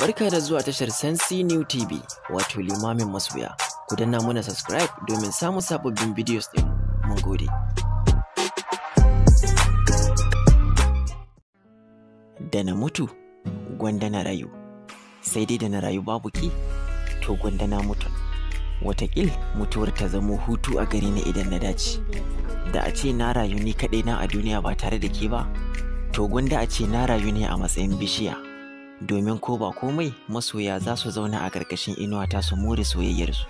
Barka da zuwa tashar Sensi New TV wato limamin masoya. Ku danna muna subscribe domin samun sababbin videos ɗin mun gode. Da na mutu gwanda na rayu, sai dai da na rayu babu ki to gwanda na mutu. Wataƙil mutuwar ta zamo hutu a gari na idan na dace. Da a ce na rayu ni kaɗai na a duniya ba tare da ke ba, to gwanda a ce na rayu ne a matsayin bishiya. domin ko ba komai masoya za su zauna a ƙarƙashin ta su more soyayyarsu.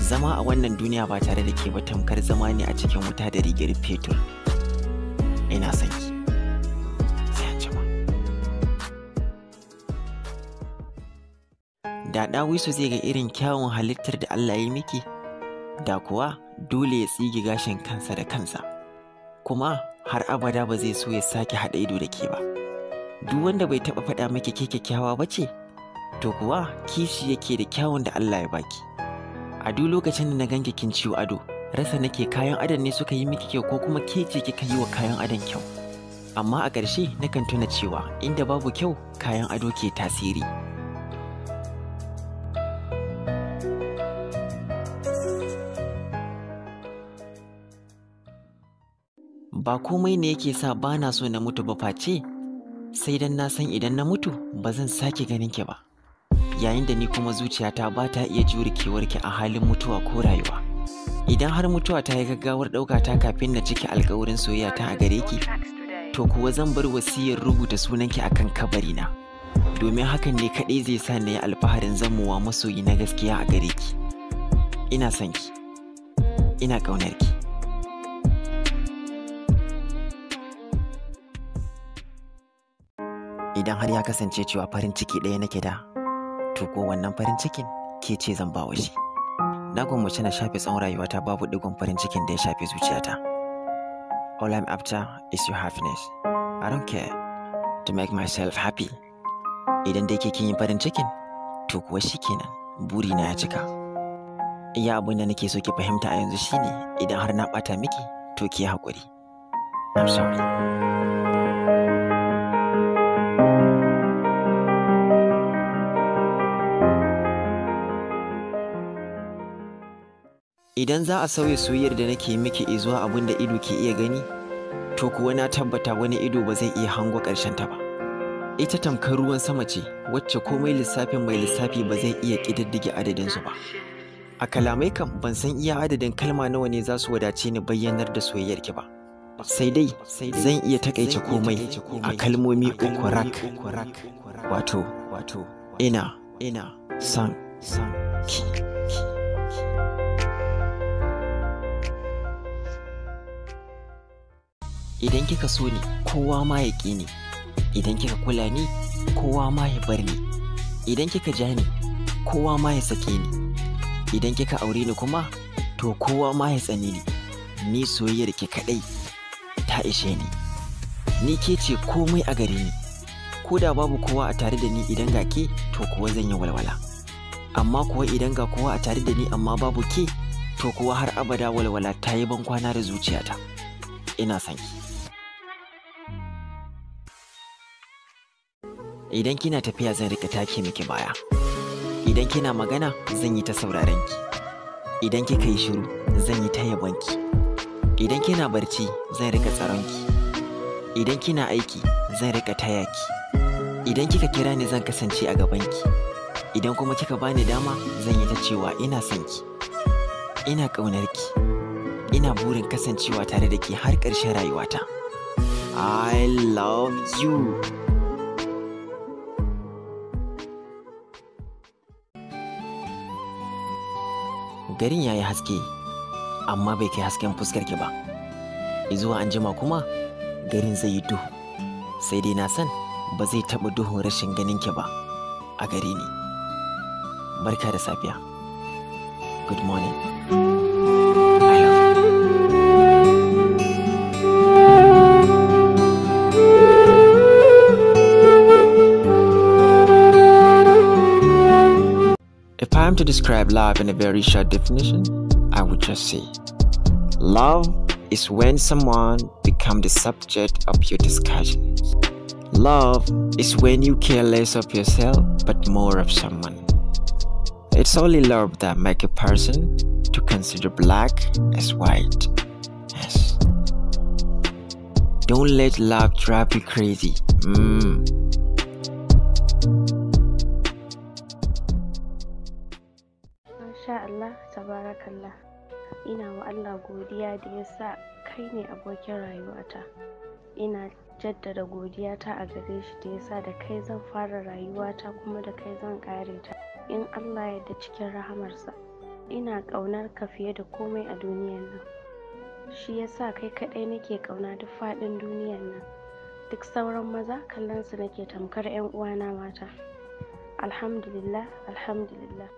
Zama a wannan duniya ba tare da ke ba tamkar zama ne a cikin wuta da rigar fetur. Ina son ki. Da ɗawisu zai ga irin kyawun halittar da Allah ya yi miki, da kuwa dole ya tsige gashin kansa da kansa, kuma har abada ba zai so ya sake haɗa ido da ke ba. duk wanda bai taɓa faɗa maki ke kyakkyawa ba ce to kuwa kishi yake da kyawun da Allah ya baki a duk lokacin da na ganki kin ciwo ado rasa nake kayan adon ne suka yi miki kyau ko kuma ke ce kika yi wa kayan adon kyau amma a ƙarshe nakan tuna cewa inda babu kyau kayan ado ke tasiri ba komai ne yake sa bana so na mutu ba face sai dan na san idan na mutu ba zan sake ganin ki ba yayin da ni kuma zuciyata ba ta iya jure ki a halin mutuwa ko rayuwa idan har mutuwa ta yi gaggawar ɗauka ta kafin na cike alkawarin soyayya ta a gare ki to kuwa zan bar wasiyar rubuta sunan ki akan kabari na. domin hakan ne kaɗai zai sa na yi alfaharin zamowa masoyi na gaskiya a gare ki ina son ki ina ƙaunar ki idan har ya kasance cewa farin ciki ɗaya nake da to ko wannan farin cikin ke ce zan bawa shi na gwamnati na shafe tsawon rayuwata babu digon farin cikin da ya shafe zuciyata all i'm after is your happiness i don't care to make myself happy idan dai ke yi farin cikin to kuwa kenan buri na ya cika iya abin da nake so ki fahimta a yanzu shine idan har na bata miki to ki hakuri i'm sorry idan za a sauya soyayyar da nake miki izuwa abin da ido ke iya gani to kuwa na tabbata wani ido ba zai iya hango ƙarshen ta ba ita tamkar ruwan sama ce wacce komai lissafin mai lissafi ba zai iya ƙididdige adadinsu ba a kalamai kam ban san iya adadin kalma nawa ne za su wadace ni bayyanar da soyayyar ki ba sai dai zan iya takaice komai a kalmomi uku rak wato wato ina ina san san ki. idan kika so ni kowa ma ya ƙi ni idan kika kula ni kowa ma ya bar ni idan kika ja ni kowa ma ya sake ni idan kika aure ni kuma to kowa ma ya tsani ni ni soyayyar ki kaɗai ta ishe ni ni ke ce komai a gare ni ko da babu kowa a tare da ni idan ga ke to kuwa zan yi walwala amma kuwa idan ga kowa a tare da ni amma babu ke to kuwa har abada walwala ta yi ban kwana da zuciyata ina son ki idan kina tafiya zan rika take miki baya idan kina magana zan yi ta saurarenki. ki idan kika yi shiru zan yi ta yabon idan kina barci zan rika tsaronki. ki idan kina aiki zan rika taya ki idan kika kira ni zan kasance a gaban ki idan kuma kika bani dama zan yi ta cewa ina son ki ina ƙaunar ki ina burin kasancewa tare da ke har ƙarshen rayuwata I love you. garin ya yi haske amma bai kai hasken fuskar ki ba izuwa an jima kuma garin zai yi duhu sai dai na san ba zai taɓa duhun rashin ganin ki ba a gare ni barka da safiya good morning to describe love in a very short definition, I would just say love is when someone becomes the subject of your discussions. Love is when you care less of yourself but more of someone. It's only love that makes a person to consider black as white. Yes. Don't let love drive you crazy. Mm. Sha Allah tabarakallah ina wa Allah godiya da ya sa kai ne abokin rayuwata ina jaddada godiyata a gare shi da ya sa da kai zan fara rayuwata kuma da kai zan ƙare ta in Allah ya da cikin rahamarsa ina ƙaunar ka fiye da komai a duniyar nan shi ya sa kai kaɗai nake ƙauna duk faɗin duniyar nan duk sauran maza kallon su nake tamkar 'yan uwana mata alhamdulillah alhamdulillah